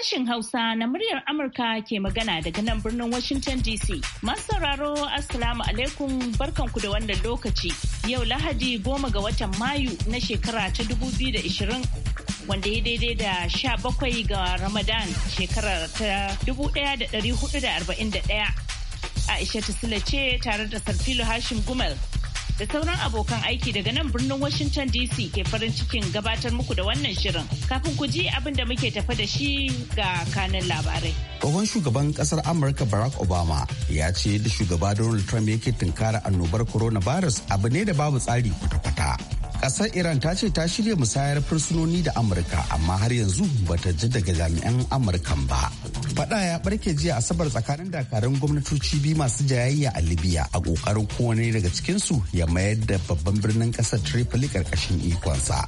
sashen Hausa na muryar Amurka ke magana daga nan birnin Washington DC. Masu sauraro Assalamu alaikum barkanku da wannan lokaci. Yau Lahadi goma ga watan Mayu na shekara ta 2020 wanda ya daidai da sha bakwai ga Ramadan shekarar ta 1441. Aisha Tasila ce tare da Sarfilo Hashim Gumel da sauran abokan aiki daga nan birnin Washington DC ke farin cikin gabatar muku da wannan shirin. Kafin ku ji abin da muke tafa da shi ga kanin labarai. Tsohon shugaban kasar Amurka Barack Obama ya ce da shugaba Donald Trump yake tunkara annobar coronavirus abu ne da babu tsari kwata-kwata. kasar Iran ta ce ta shirya musayar fursunoni da Amurka amma har yanzu bata ji daga jami'an Amurkan ba. Fada ya barke jiya asabar tsakanin dakarun gwamnatoci biyu masu jayayya a Libya a kokarin kowane daga cikinsu ya mayar da babban birnin kasar Tripoli karkashin ikonsa.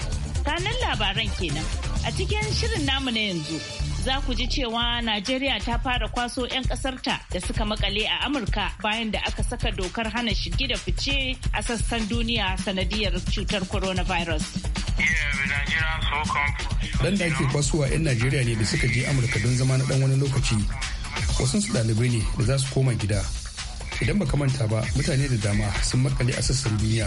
Kanan labaran kenan a cikin shirin namu na yanzu za ku ji cewa Najeriya ta fara kwaso 'yan ƙasarta da suka makale a Amurka bayan da aka saka dokar hana shige da fice a sassan duniya sanadiyar cutar coronavirus. Dan da ake kwasuwa 'yan Najeriya ne da suka je Amurka don zama na dan wani lokaci. Wasu su ɗalibai ne da za su koma gida. Idan ba manta ba mutane da dama sun makale a sassan duniya.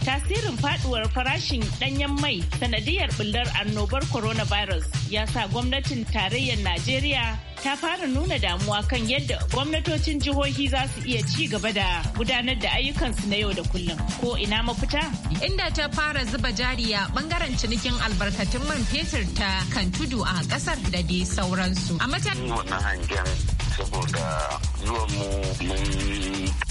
Tasirin faduwar farashin danyen mai sanadiyar bullar annobar coronavirus ya sa gwamnatin tarayyar Najeriya ta fara nuna damuwa kan yadda gwamnatocin jihohi za su iya ci gaba da gudanar da ayyukansu na yau da kullum ko ina mafita inda ta fara zuba jari a bangaren cinikin albarkatun man fetur ta kan tudu a kasar da dai sauransu a matakin hangen saboda zuwa mu mun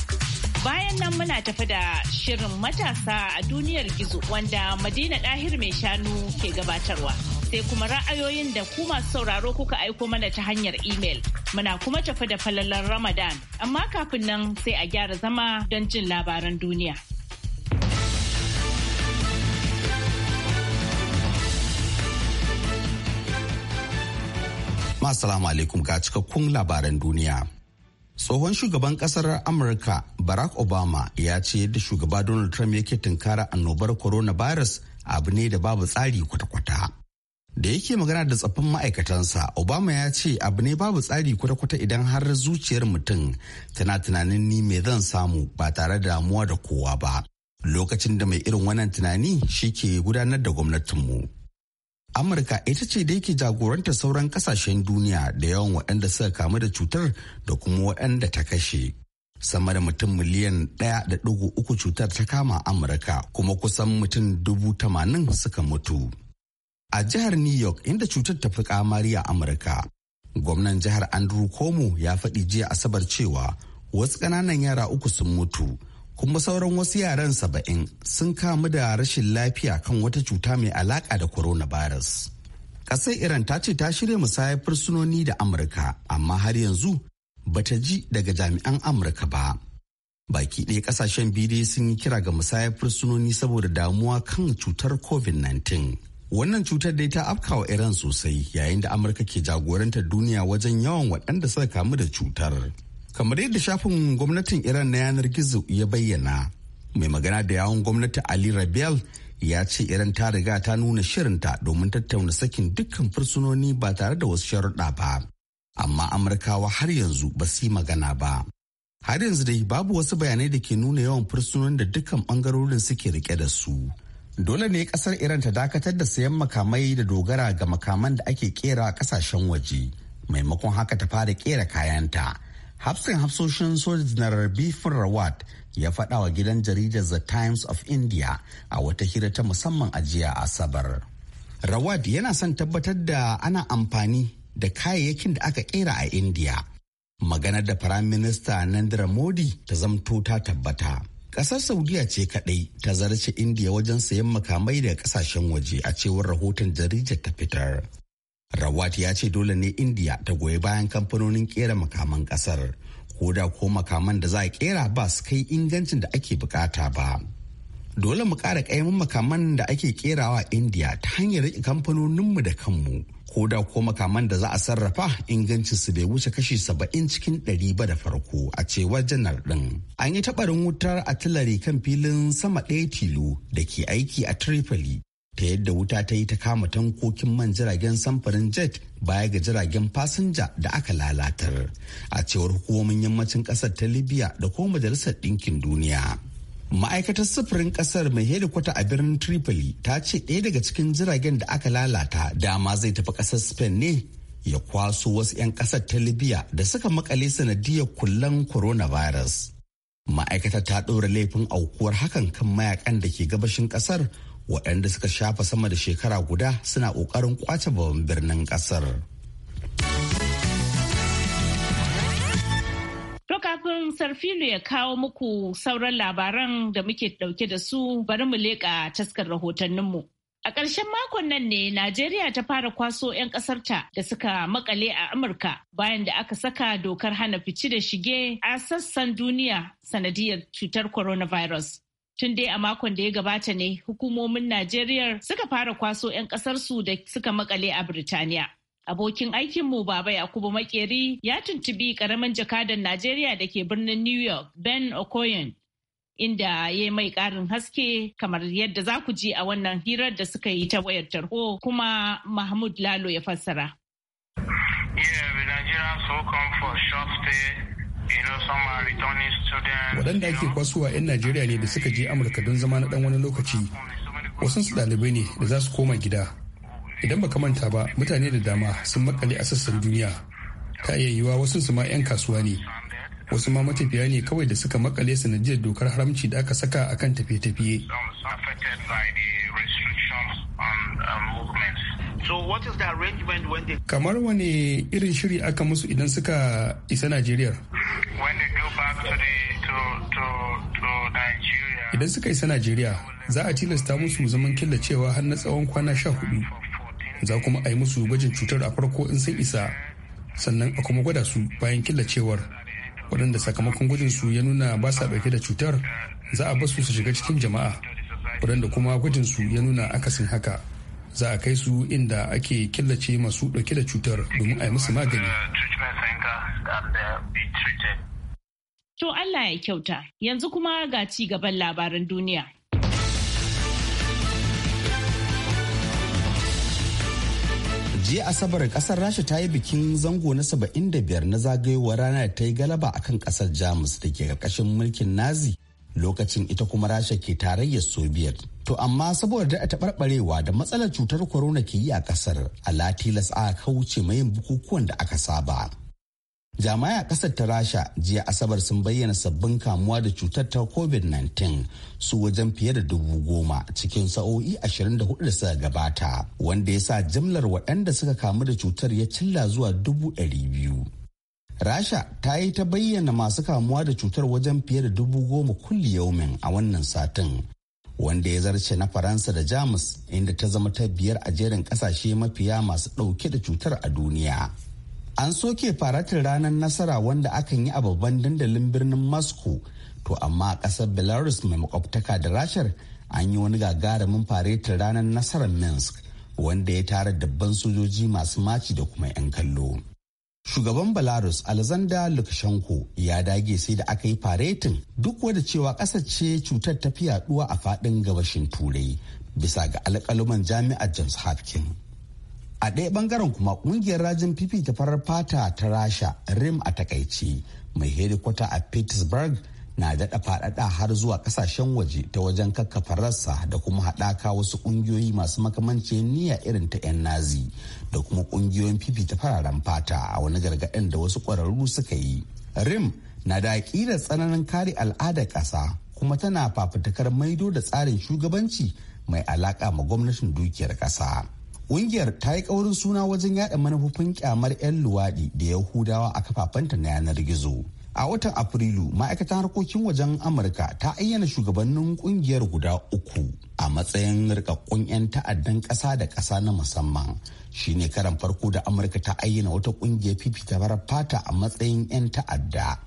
Bayan nan muna tafi da shirin matasa a duniyar gizo wanda Madina Dahir mai shanu ke gabatarwa. Sai kuma ra'ayoyin da ku masu sauraro kuka aiko mana ta hanyar imel. Muna kuma tafi da falalar Ramadan, amma kafin nan sai a gyara zama don jin labaran duniya. Assalamu alaikum ga cikakkun labaran duniya. tsohon shugaban kasar amurka barack obama ya ce yadda shugaba donald trump yake tunkara annobar coronavirus abu ne da babu tsari kwata-kwata da yake magana da tsaffin ma'aikatansa obama ya ce abu ne babu tsari kwata-kwata idan har zuciyar mutum tana tunanin ni mai zan samu ba tare da damuwa da kowa ba lokacin da mai irin wannan tunani shi ke gudanar da gwamnatinmu Amurka ita ce da yake jagoranta sauran kasashen duniya da yawan waɗanda suka kamu da cutar da kuma waɗanda ta kashe. Sama da mutum miliyan ɗaya da ɗigo uku cutar ta kama Amurka kuma kusan mutum dubu tamanin suka mutu. A jihar New York inda cutar ta fi kamari a Amurka, gwamnan jihar Andrew Cuomo ya faɗi jiya Asabar cewa wasu ƙananan yara uku sun mutu kuma sauran wasu yaran saba'in sun kamu da rashin lafiya kan wata cuta mai alaka da coronavirus. Ƙasar Iran ta ce ta shirya musayar fursunoni da Amurka, amma har yanzu bata ji daga jami'an Amurka ba. Baki ɗaya ƙasashen biyu sun yi kira ga musayar fursunoni saboda damuwa kan cutar COVID-19. Wannan cutar dai ta afkawa Iran sosai yayin da Amurka ke jagorantar duniya wajen yawan waɗanda suka kamu da cutar. kamar yadda shafin gwamnatin iran na yanar gizo ya bayyana mai magana da yawon gwamnati ali rabel ya ce iran ta riga ta nuna shirinta domin tattauna sakin dukkan fursunoni ba tare da wasu sharuɗa ba amma amurkawa har yanzu ba su yi magana ba har yanzu dai babu wasu bayanai da ke nuna yawan fursunonin da dukkan bangarorin suke rike da su dole ne ƙasar iran ta dakatar da sayan makamai da dogara ga makaman da ake kera a kasashen waje maimakon haka ta fara kera kayanta hafsin hafsoshin soja na bifin rawat ya faɗa wa gidan jaridar the times of india a wata hira ta musamman ajiya a jiya asabar rawat yana son tabbatar da ana amfani da kayayyakin da aka kera a india maganar da firayim minista nandira modi ta zamto ta tabbata kasar saudiya ce kaɗai ta zarce indiya wajen sayan makamai daga kasashen waje a cewar rahoton jaridar ta fitar Rawat ya ce dole ne India ta goyi bayan kamfanonin kera makaman kasar, ko da ko makaman da za a kera ba su kai ingancin da ake bukata ba. Dole mu kara kayan makaman da ake kerawa India ta hanyar kamfanoninmu da kanmu, ko da ko makaman da za a sarrafa ingancin su bai wuce kashi saba'in cikin ɗari ba da farko a cewar janar ɗin. An yi taɓarin wutar tilari kan filin sama ɗaya tilo da ke aiki a Tripoli ta yadda wuta ta yi ta kama tankokin man jiragen samfurin jet baya ga jiragen fasinja da aka lalatar a cewar hukumomin yammacin kasar ta libya da kuma majalisar ɗinkin duniya ma'aikatar sufurin kasar mai hedikwata a birnin tripoli ta ce ɗaya daga cikin jiragen da aka lalata dama zai tafi kasar spain ne ya kwaso wasu 'yan kasar ta libya da suka makale sanadiyar kullan coronavirus ma'aikata ta ɗora laifin aukuwar hakan kan mayakan da ke gabashin ƙasar waɗanda suka shafa sama da shekara guda suna ƙoƙarin kwace babban birnin ƙasar. kafin sarfilu ya kawo muku sauran labaran da muke ɗauke da su bari mu leƙa taskar rahotanninmu. A ƙarshen makon nan ne Najeriya ta fara kwaso 'yan ƙasarta da suka makale a Amurka bayan da aka saka dokar hana fice da shige a sassan duniya sanadiyar cutar coronavirus. tun dai a makon da ya gabata ne hukumomin najeriya suka fara kwaso 'yan kasarsu da suka makale a birtaniya abokin aikinmu baba yakubu makeri ya tuntubi karamin jakadan najeriya da ke birnin new york ben okoyen inda ya yi mai ƙarin haske kamar yadda za ku ji a wannan hirar da suka yi ta wayar tarho kuma mahmud lalo ya fassara Yeah, the Nigerians who come for short stay waɗanda ake kwasuwa 'yan najeriya ne da suka je amurka don zama na ɗan wani lokaci wasu su ɗalibai ne da za su koma gida idan baka manta ba mutane da dama sun makale a sassan duniya ta iya yiwuwa wasu su ma 'yan kasuwa ne wasu ma matafiya ne kawai da suka makale sanadiyar dokar haramci da aka saka akan tafiye-tafiye Kamar wani irin shiri aka musu idan suka isa Najeriya? Idan suka isa Najeriya, za a tilasta musu zaman killacewa har na tsawon kwana sha hudu. Za kuma a yi musu gwajin cutar a farko in sun isa, sannan a kuma gwada su bayan killacewar. Waɗanda sakamakon gwajin su ya nuna ba sa ɗauke da cutar, za a basu su shiga cikin jama'a. Waɗanda kuma gwajin su ya nuna akasin haka. za a kai su inda ake killace masu ɗauke da cutar domin a yi musu magani. To Allah ya kyauta, yanzu kuma ga ci gaban labaran duniya. jiya asabar kasar rasha ta yi bikin zango na 75 na zagayowar ranar ta yi galaba akan kasar jamus da ke karkashin mulkin nazi lokacin ita kuma rasha ke tarayyar soviet to amma saboda da taɓarɓarewa da matsalar cutar corona ke yi a ƙasar a tilas a kauce yin bukukuwan da aka saba Jama'a a ƙasar ta rasha jiya asabar sun bayyana sabbin kamuwa da cutar ta covid-19 su wajen fiye da dubu goma cikin sa'o'i 24 da suka gabata wanda ya sa jimlar waɗanda suka kamu da cutar ya cilla zuwa dubu ɗari biyu rasha ta yi ta bayyana masu kamuwa da cutar wajen fiye da dubu goma kulli yaumin a wannan satin wanda ya zarce na faransa da jamus inda ta zama ta biyar a jerin kasashe mafiya masu ɗauke da cutar a duniya an soke faratin ranar nasara wanda akan yi a babban dandalin birnin moscow to amma a ƙasar belarus mai makwabtaka da rashar an yi wani gagarumin faretin ranar nasarar minsk wanda ya tara dabban sojoji masu maci da kuma 'yan kallo shugaban belarus alexander lukashenko ya dage sai da aka yi faretin duk wadda cewa ƙasar ce cutar ta fi yaduwa a fadin gabashin turai bisa ga alƙaluman jami'ar james hopkins a ɗaya ɓangaren kuma ƙungiyar rajin fifi ta farar fata ta rasha rim a takaici mai hedikwata a pittsburgh na daɗa faɗaɗa har zuwa ƙasashen waje ta wajen kakkafa rassa da kuma haɗaka wasu ƙungiyoyi masu makamancin niyya irin ta 'yan nazi da kuma ƙungiyoyin fifita fararen fata a wani gargaɗin da wasu ƙwararru suka yi rim na da aƙidar tsananin kare al'adar ƙasa kuma tana fafutukar maido da tsarin shugabanci mai alaƙa ma gwamnatin dukiyar ƙasa. Ƙungiyar ta yi ƙaurin suna wajen yada manufofin kyamar 'yan luwaɗi da Yahudawa a kafafenta na yanar gizo. a watan afrilu ma'aikatan harkokin wajen amurka ta ayyana shugabannin kungiyar guda uku a matsayin rikakkun 'yan ta'addan ƙasa da ƙasa na musamman shine karan farko da amurka ta ayyana wata kungiyar fifita farar fata a matsayin 'yan ta'adda.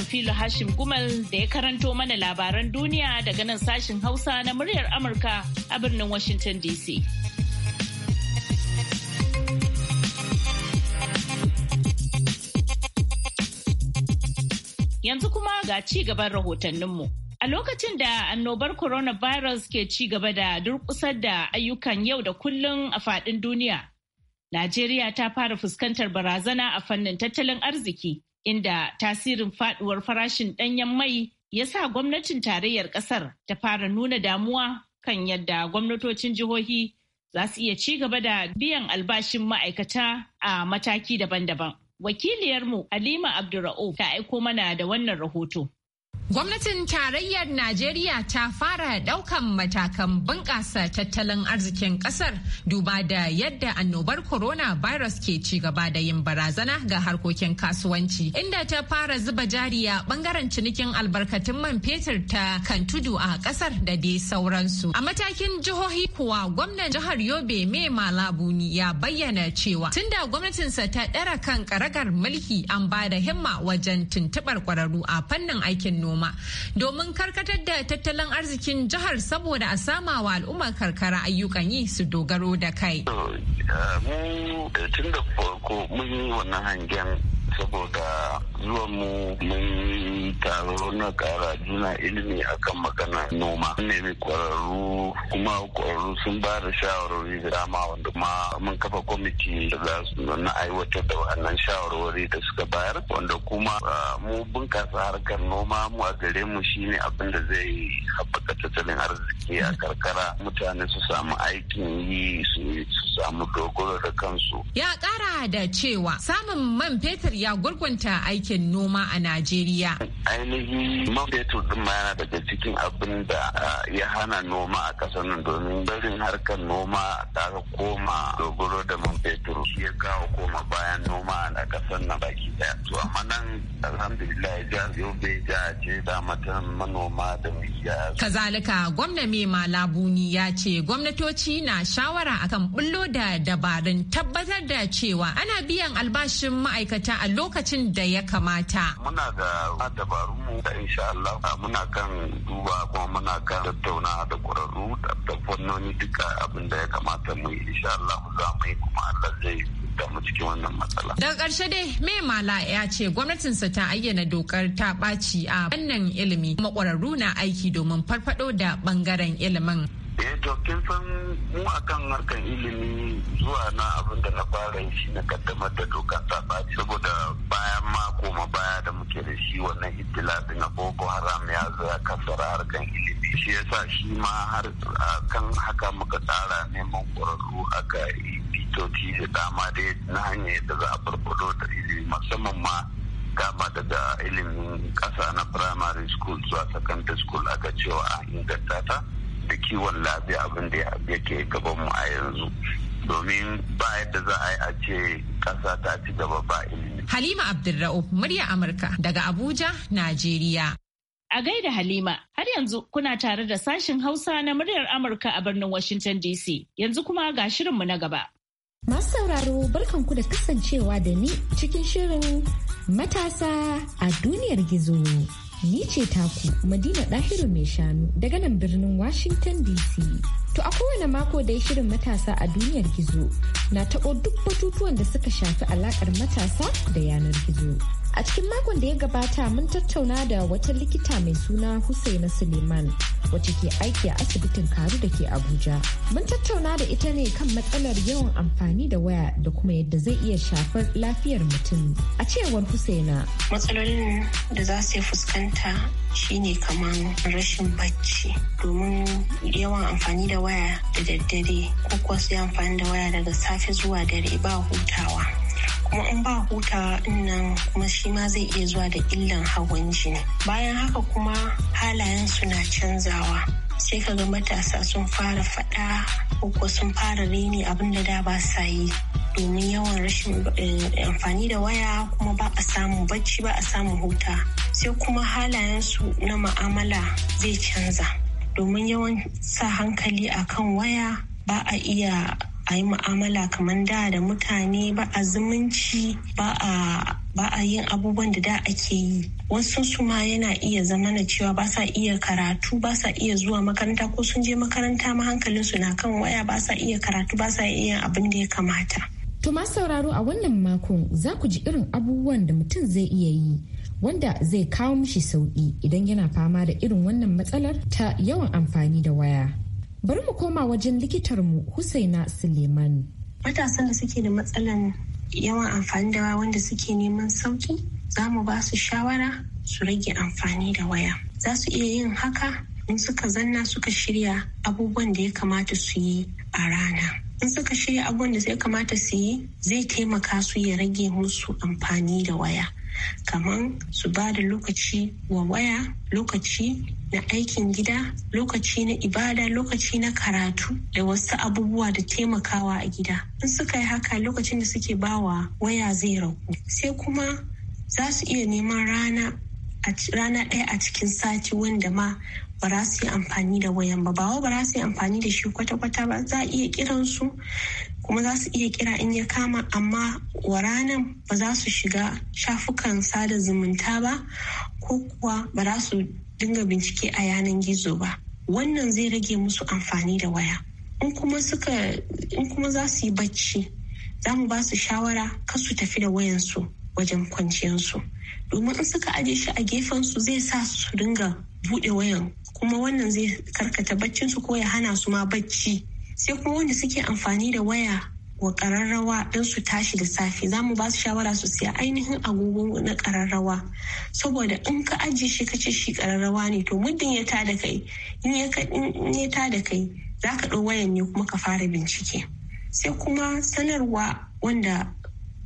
filo Hashim Gumal da ya karanto mana labaran duniya daga nan sashin Hausa na muryar Amurka a birnin Washington DC. Yanzu kuma ga ci gaban rahotanninmu. A lokacin da annobar coronavirus ke ci gaba da durkusar da ayyukan yau da kullum a faɗin duniya, Najeriya ta fara fuskantar barazana a fannin tattalin arziki. inda tasirin faduwar farashin ɗanyen mai ya sa gwamnatin tarayyar ƙasar ta fara nuna damuwa kan yadda gwamnatocin jihohi za su iya ci gaba da biyan albashin ma'aikata a mataki daban-daban. Wakiliyarmu Halima Abdurra'u ta aiko mana da wannan rahoto. Gwamnatin tarayyar Najeriya ta fara daukan matakan bunƙasa tattalin arzikin ƙasar duba da yadda annobar corona virus ke ci gaba da yin barazana ga harkokin kasuwanci inda ta fara zuba jari a bangaren cinikin albarkatun man fetur ta kan tudu a ƙasar da dai sauransu. A matakin jihohi kuwa gwamnan jihar Yobe Mai Malabuni ya bayyana cewa tunda gwamnatinsa ta ɗara kan ƙaragar mulki an ba da himma wajen tuntuɓar ƙwararru a fannin aikin noma. noma domin karkatar da tattalin arzikin jihar saboda a sama wa al'ummar karkara ayyukan yi su dogaro da kai. Eh, mu eh, tun da farko mun yi wannan hangen saboda zuwan mu mun taro na kara juna ilimi akan magana noma an nemi kwararru kuma kwararru sun ba da shawarwari da dama wanda ma mun kafa kwamiti na aiwatar da wannan shawarwari da suka bayar wanda kuma mu bunkasa harkar noma mu a gare mu shine abin da zai haɓaka tattalin arziki a karkara mutane su samu aikin yi su samu dogoro da kansu ya ƙara da cewa samun man fetur ya a gurgunta aikin noma a Najeriya. Ainihi. man fetur din ma yana daga cikin abin da ah, ya hana noma a ƙasar nan domin barin harkar noma ta koma dogoro da man fetur ya kawo koma bayan noma a kasar nan baki daya. To amma nan alhamdulillah ya bai ja ce da matan manoma da miya. Kazalika gwamna mai malabuni ya ce gwamnatoci na shawara akan bullo da dabarun tabbatar da cewa ana biyan albashin ma'aikata a lokacin da ya kamata. Muna da dabarun mu da insha Allah muna kan duba kuma muna kan tattauna da ƙwararru da fannoni duka abin da ya kamata mu insha Allah za mu yi kuma Allah zai da mu cikin wannan matsala. Daga ƙarshe dai me mala ya ce gwamnatinsa ta ayyana dokar ta ɓaci a wannan ilimi kuma ƙwararru na aiki domin farfaɗo da ɓangaren ilimin. eh to kin san mu akan harkar ilimi zuwa na abin da na fara shi na kaddamar da doka ta ɓaci saboda bayan mako ma baya da muke da shi wannan itilafin na boko haram ya zo kasara harkar ilimi shi sa shi ma har kan haka muka tsara neman ƙwararru aka yi bitoci da dama dai na hanyar da za a farfado da ilimi musamman ma kama daga ilimin ƙasa na primary school zuwa secondary school aka cewa an inganta ta da kiwon lafiya abin da yake gaban mu a yanzu domin ba yadda za a yi a ce ƙasa ta ci gaba ba ilimi. Halima Abdulra'u murya Amurka daga Abuja, Najeriya. A gaida Halima, har yanzu kuna tare da sashen Hausa na muryar Amurka a birnin Washington DC. Yanzu kuma ga shirinmu na gaba. Masu sauraro barkanku da kasancewa da ni cikin shirin matasa a duniyar gizo. Ni ce taku Madina Dahiru mai shanu daga nan birnin Washington DC. To a kowane mako dai shirin matasa a duniyar gizo na taɓo duk batutuwan da suka shafi alaƙar matasa da yanar gizo. A cikin makon da ya gabata mun tattauna da wata likita mai suna Husaina Suleiman wacce ke aiki a asibitin Karu da ke Abuja. Mun tattauna da ita ne kan matsalar yawan amfani da waya da kuma yadda zai iya shafar lafiyar mutum. A cewar Husaina. Matsalolin da za su fuskanta shine kamar rashin bacci domin yawan amfani da waya da daddare ko kuwa su amfani da waya daga safe zuwa dare ba hutawa. kuma in ba hutawa nan kuma shi ma zai iya zuwa da illan hawan jini bayan haka kuma halayen su na canzawa sai kaga matasa sun fara fada ko sun fara reni abin da ba sa yi domin yawan rashin eh, amfani da waya kuma ba a samu bacci ba a samu huta sai kuma halayensu na ma'amala zai canza domin yawan sa hankali akan waya ba a iya a yi mu'amala kamar da da mutane ba a zumunci ba a ba a yin abubuwan da da ake yi wasu su ma yana iya zama na cewa ba sa iya karatu ba sa iya zuwa makaranta ko sun je makaranta ma hankalin su na kan waya ba sa iya karatu ba sa iya abin da ya kamata to ma sauraro a wannan makon za ku ji irin abubuwan da mutum zai iya yi wanda zai kawo mishi sauƙi, idan yana fama da irin wannan matsalar ta yawan amfani da waya Bari mu koma wajen likitarmu Husaina Suleiman. Matasan da suke da matsalan yawan amfani da waya wanda suke neman sauki za mu ba su shawara su rage amfani da waya. Za su iya yin haka in suka zanna suka shirya abubuwan da ya kamata su yi a rana. In suka shirya abubuwan da ya kamata su yi zai taimaka su ya rage musu amfani da waya. kamar su ba da lokaci wa waya lokaci na aikin gida lokaci na ibada lokaci na karatu da wasu abubuwa da taimakawa a gida in suka yi haka lokacin da suke bawa waya zai ragu sai kuma za su iya neman rana rana ɗaya a cikin sati wanda ma ba za su yi amfani da wayan ba ba ba za su yi amfani da shi kwata-kwata ba za a iya kiran su kuma za su iya kira in ya kama amma wa ranan ba za su shiga shafukan sada zumunta ba ko kuwa ba za su dinga bincike a yanan gizo ba wannan zai rage musu amfani da waya in kuma suka za su yi bacci za mu ba su shawara kar su tafi da wayansu wajen kwanciyarsu domin in suka aje shi a gefen su zai sa su ringa buɗe wayan kuma wannan zai karkata baccinsu ko ya hana su ma bacci sai kuma wanda suke amfani da waya wa kararrawa don su tashi da safe za mu ba su shawara su siya ainihin agogo na kararrawa saboda in ka ajiye shi ka ce shi kararrawa ne to muddin ya ta da kai in ya ta da kai za ka ɗau wayan ne kuma ka fara bincike sai kuma sanarwa wanda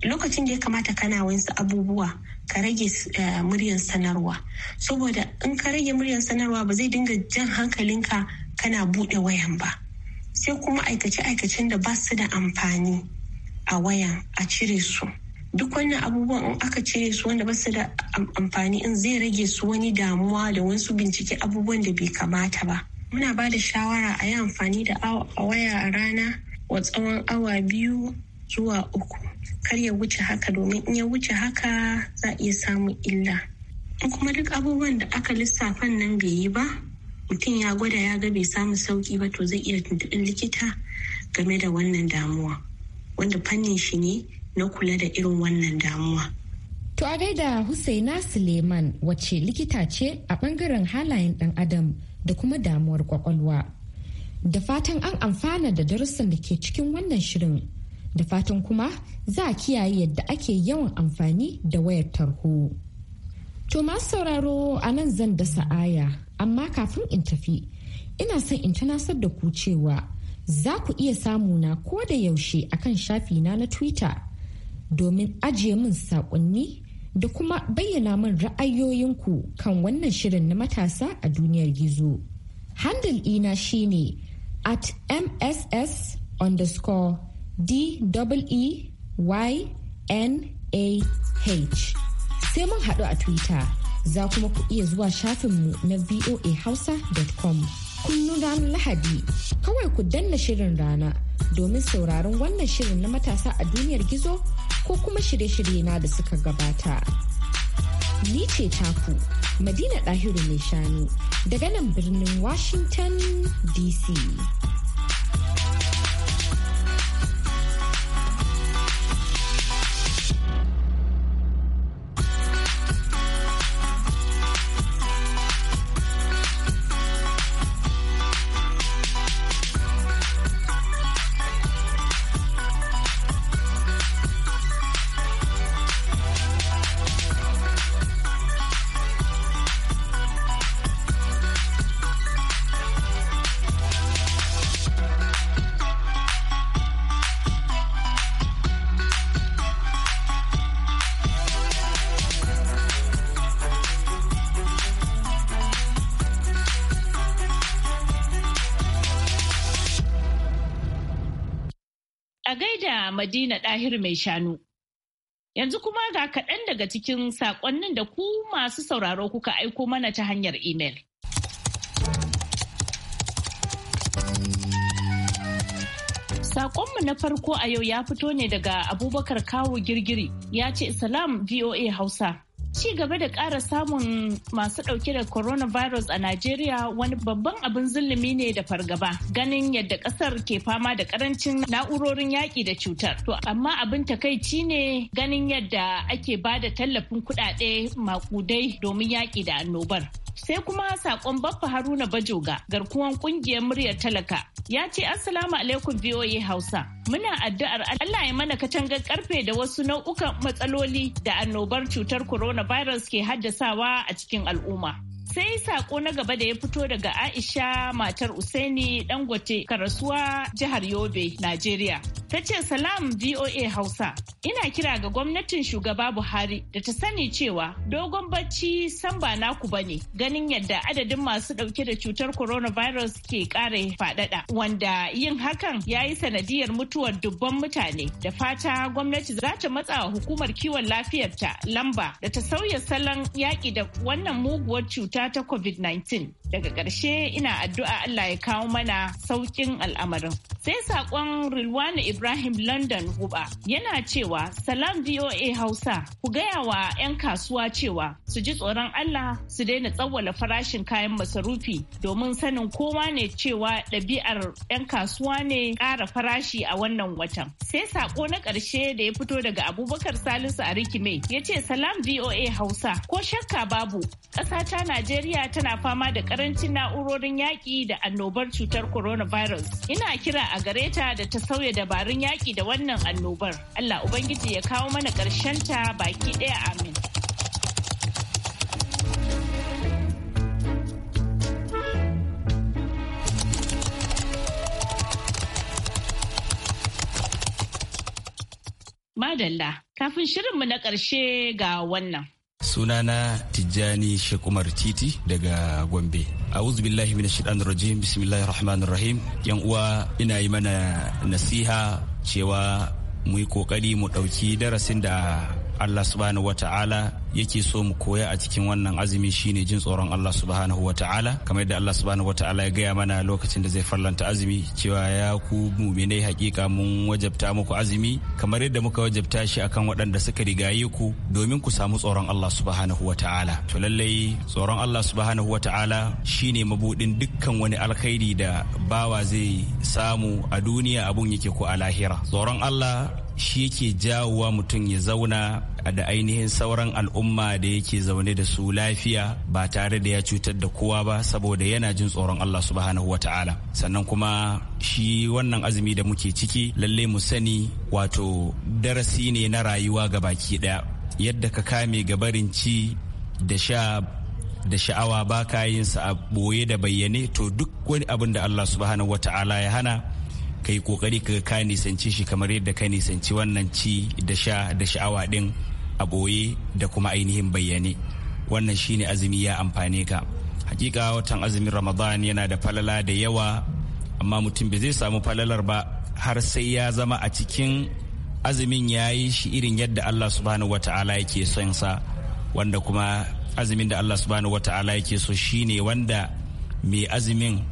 lokacin da ya kamata kana wasu abubuwa ka rage eh, muryar sanarwa saboda in ka rage muryar sanarwa ba zai dinga jan hankalinka kana buɗe wayan ba sai kuma aikace-aikacen da ba su da amfani a wayan a cire su duk wannan abubuwan in aka cire su wanda ba su da amfani in zai rage su wani damuwa da wasu bincike abubuwan da bai kamata ba muna ba da shawara a yi amfani da a waya a rana wa tsawon awa biyu zuwa uku kar ya wuce haka domin in ya wuce haka za a iya samun illa in kuma duk abubuwan da aka lissafan nan bai yi ba mutum ya gwada ya ga bai samu sauki ba to zai iya tuntuɓin likita game da wannan damuwa wanda fannin shi ne na kula da irin wannan damuwa To a gaida Husaina Suleiman wacce likita ce a bangaren halayen dan adam da kuma damuwar kwakwalwa. Da fatan an amfana da darussan da ke cikin wannan shirin da fatan kuma za a kiyaye yadda ake yawan amfani da wayar tarho. To masu sauraro a nan zan dasa aya, amma kafin in tafi, ina son in tunasar da ku cewa za ku iya na ko da yaushe a kan shafi na na Twitter domin ajiye min saƙonni da kuma bayyana min ra'ayoyinku kan wannan shirin na matasa a duniyar gizo. Handle ina shine at mss underscore d e y n a h sai mun haɗu a twitter za kuma ku iya zuwa shafinmu na voahausa.com kullum ranar lahadi kawai ku danna shirin rana domin sauraron wannan shirin na matasa a duniyar gizo ko kuma shirye-shirye na da suka gabata ni ce taku madina ɗahiru mai shanu daga nan birnin washington dc Madina Ɗahir mai shanu. Yanzu kuma ga kaɗan daga cikin saƙonnin da ku masu sauraro kuka aiko mana ta hanyar imel. Saƙonmu na farko a yau ya fito ne daga Abubakar Kawo Girgiri ya ce Salam VOA Hausa. ci gaba da ƙara samun masu ɗauke da coronavirus a Najeriya wani babban abin zulumi ne da fargaba ganin yadda ƙasar ke fama da ƙarancin na'urorin yaƙi da cutar. To amma abin takaici ne ganin yadda ake ba da tallafin kuɗaɗe maƙudai domin yaƙi da annobar. Sai kuma saƙon Baffa Haruna Bajoga garkuwan ƙungiyar muryar talaka ya ce Assalamu alaikum VOA Hausa. Muna addu'ar Allah ya mana katangar karfe da wasu nau'ukan matsaloli da annobar cutar corona coronavirus ke haddasawa a cikin al'umma. sai sako na gaba da ya fito daga aisha matar usaini dangote karasuwa jihar yobe najeriya ta ce salam voa hausa ina kira ga gwamnatin shugaba buhari da ta sani cewa dogon bacci san ba naku ba ne ganin yadda adadin masu dauke da cutar coronavirus ke kare fadada wanda yin hakan ya yi sanadiyar mutuwar dubban mutane da fata gwamnati za ta matsa hukumar kiwon lafiyarta lamba da ta sauya salon yaki da wannan muguwar cuta cuta ta covid-19 Daga ƙarshe ina addu'a Allah ya kawo mana sauƙin al'amarin. Sai saƙon Rilwana Ibrahim London Huba yana cewa Salam VOA Hausa ku gaya wa 'yan kasuwa cewa su ji tsoron Allah su daina tsawwala farashin kayan masarufi domin sanin kowa ne cewa ɗabi'ar 'yan kasuwa ne ƙara farashi a wannan watan. Sai saƙo na ƙarshe da ya fito daga Abubakar Salisu a Rikime ya ce Salam VOA Hausa ko shakka babu ƙasa ta Najeriya tana fama da ƙarancin karancin na'urorin yaƙi da annobar cutar coronavirus. Ina kira a gare ta da ta sauya dabarun yaƙi da wannan annobar. Allah Ubangiji ya kawo mana ƙarshen ta baki ɗaya amin. Madalla, kafin shirinmu na ƙarshe ga wannan. sunana tijjani shekumar titi daga gombe a'udhu billahi minash shaitanir rajim bismillahir rahmanir rahim yan uwa ina yi mana nasiha cewa muyi yi kokari mu ɗauki darasin da Allah subhanahu ta'ala yake so mu koya a cikin wannan azumi shine jin tsoron Allah subhanahu ta'ala kamar yadda Allah subhanahu ta'ala ya gaya mana lokacin da zai farlanta azumi cewa ya ku muminai hakika mun wajabta muku azumi kamar yadda muka wajabta shi akan waɗanda suka rigaye ku domin ku samu tsoron Allah subhanahu ta'ala to lallai tsoron Allah subhanahu ta'ala shine mabudin dukkan wani alkhairi da bawa zai samu a duniya abun yake ko a lahira tsoron Allah shi yake jawowa mutum ya zauna da ainihin sauran al'umma da yake zaune da su lafiya ba tare da ya cutar da kowa ba saboda yana jin tsoron Allah subhanahu wa ta'ala sannan kuma shi wannan azumi da muke ciki lalle mu sani wato darasi ne na rayuwa ga baki ɗaya. yadda ka kame gabarin ci da sha da sha'awa ba ka yin sa a boye da bayyane to duk wani abin da Allah subhanahu wa ta'ala ya hana ka yi kokari ka ka nisanci shi kamar yadda ka nisanci wannan ci da sha da sha'awa din a boye da kuma ainihin bayyane wannan shine azumi ya amfane ka hakika watan azumin ramadan yana da falala da yawa amma mutum bai zai samu falalar ba har sai ya zama a cikin azumin ya yi shi irin yadda allah subhanahu wata'ala yake son sa wanda kuma azumin da allah subhanahu wata'ala yake so shine wanda mai azumin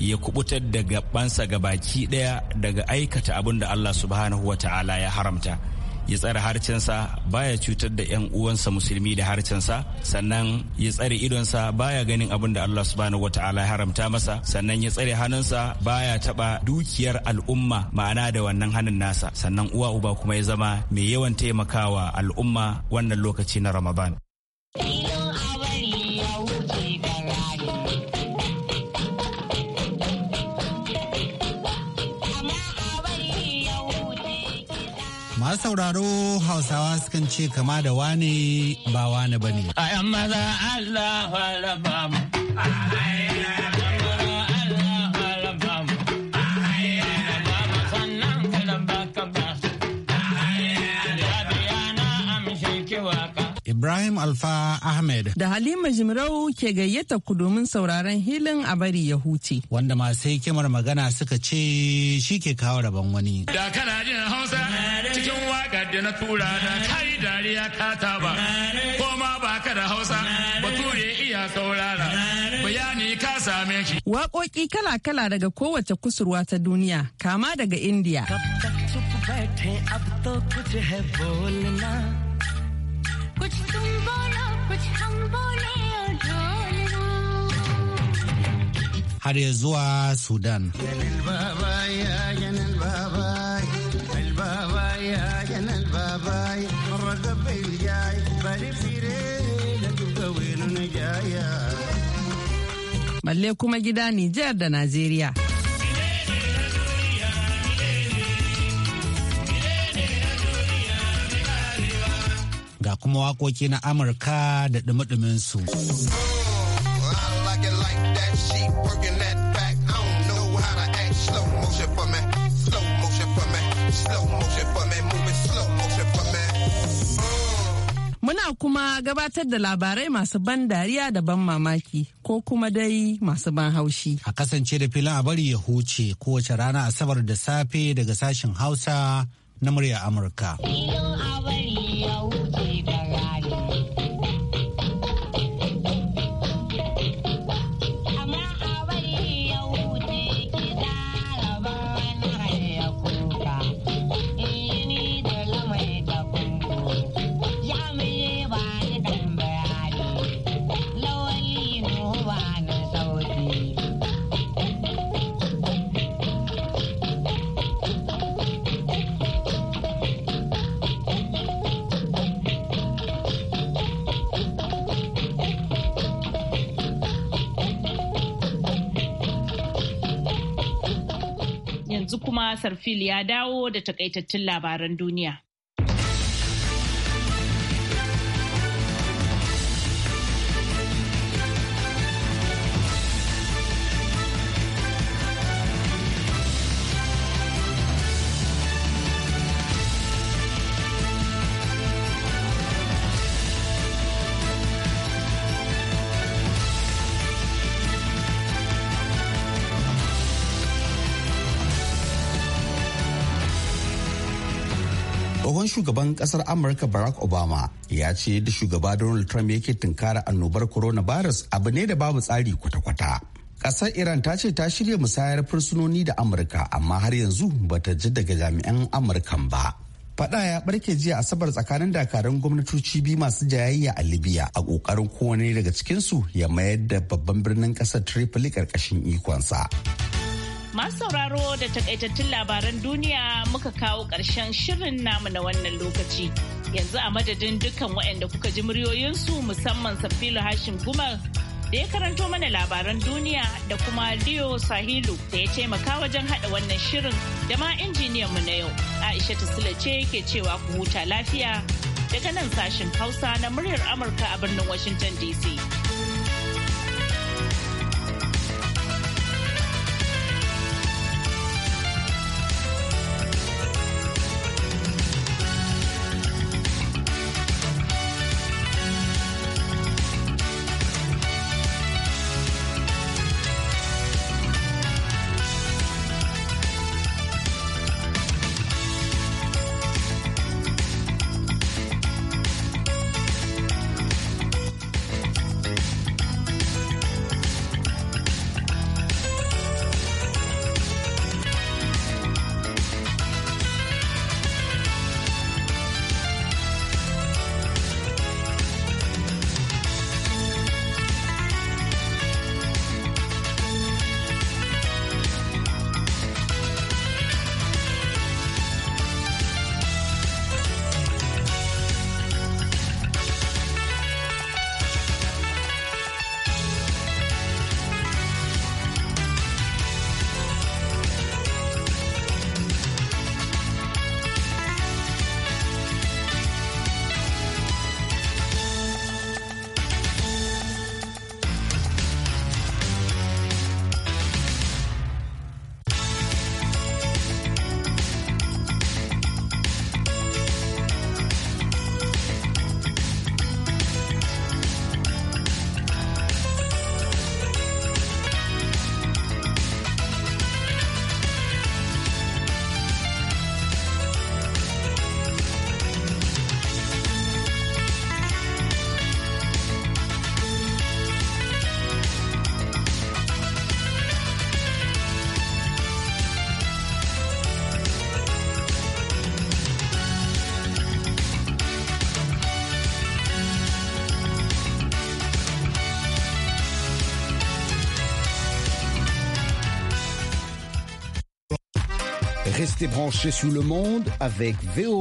ya kubutar da gabansa ga baki daya daga aikata abin da Allah subhanahu wa ta'ala ya haramta ya tsare harcensa baya cutar da 'yan uwansa musulmi da harcinsa sannan ya tsare idonsa baya ganin abin da Allah subhanahu wa ta'ala ya haramta masa sannan ya tsare hannunsa baya taba dukiyar al'umma ma'ana da wannan hannun nasa sannan uwa uba kuma ya zama mai yawan taimakawa al'umma wannan lokaci na Ramadan Ma sauraro Hausawa sukan ce kama da wane ba wane ba ne. maza Allah mu. Ibrahim Alfa Ahmed. Da Halima Jimrau ke gayyata ku domin sauraron hilin a bari ya huce. Wanda masu hikimar magana suka ce shi ke kawo rabon wani. Da kana jin Hausa. cikin waƙa da na tura na kai dariya ka taba ko ma ba ka da hausa bature iya saurara bayani ka same shi waƙoƙi kala-kala daga kowace kusurwa ta duniya kama daga indiya har ya zuwa sudan. balle kuma gida Nijar da Najeriya. Ga kuma na Amurka da ɗumi su. slow motion for me. kuma gabatar da labarai masu ban dariya da ban mamaki ko kuma dai masu ban haushi. A kasance da filin a bari ya huce kowace rana Asabar da safe daga sashen Hausa na murya Amurka. a bari ya huce da kuma Sarfil ya dawo da takaitattun labaran duniya. shugaban kasar amurka barack obama ya ce da shugaba donald trump yake tunkara annobar coronavirus abu ne da babu tsari kwata-kwata kasar iran ta ce ta shirya musayar fursunoni da amurka amma har yanzu ba ta ji daga jami'an amurkan ba fada ya barke jiya asabar tsakanin dakarun gwamnatoci biyu masu jayayya a libya a kokarin kowane daga cikinsu ya mayar da babban birnin kasar tripoli karkashin ikonsa Masu sauraro da takaitattun labaran duniya muka kawo ƙarshen shirin namu na wannan lokaci. Yanzu a madadin dukkan waɗanda kuka ji muryoyinsu musamman Safilu Hashim Gumar. da ya karanto mana labaran duniya da kuma Leo Sahilu da ya taimaka wajen haɗa wannan shirin da ma mu na yau. Aisha ta Sule ce ke cewa ku huta lafiya daga nan sashin Hausa na muryar Amurka a birnin Washington DC. Restez branché sous le monde avec VOA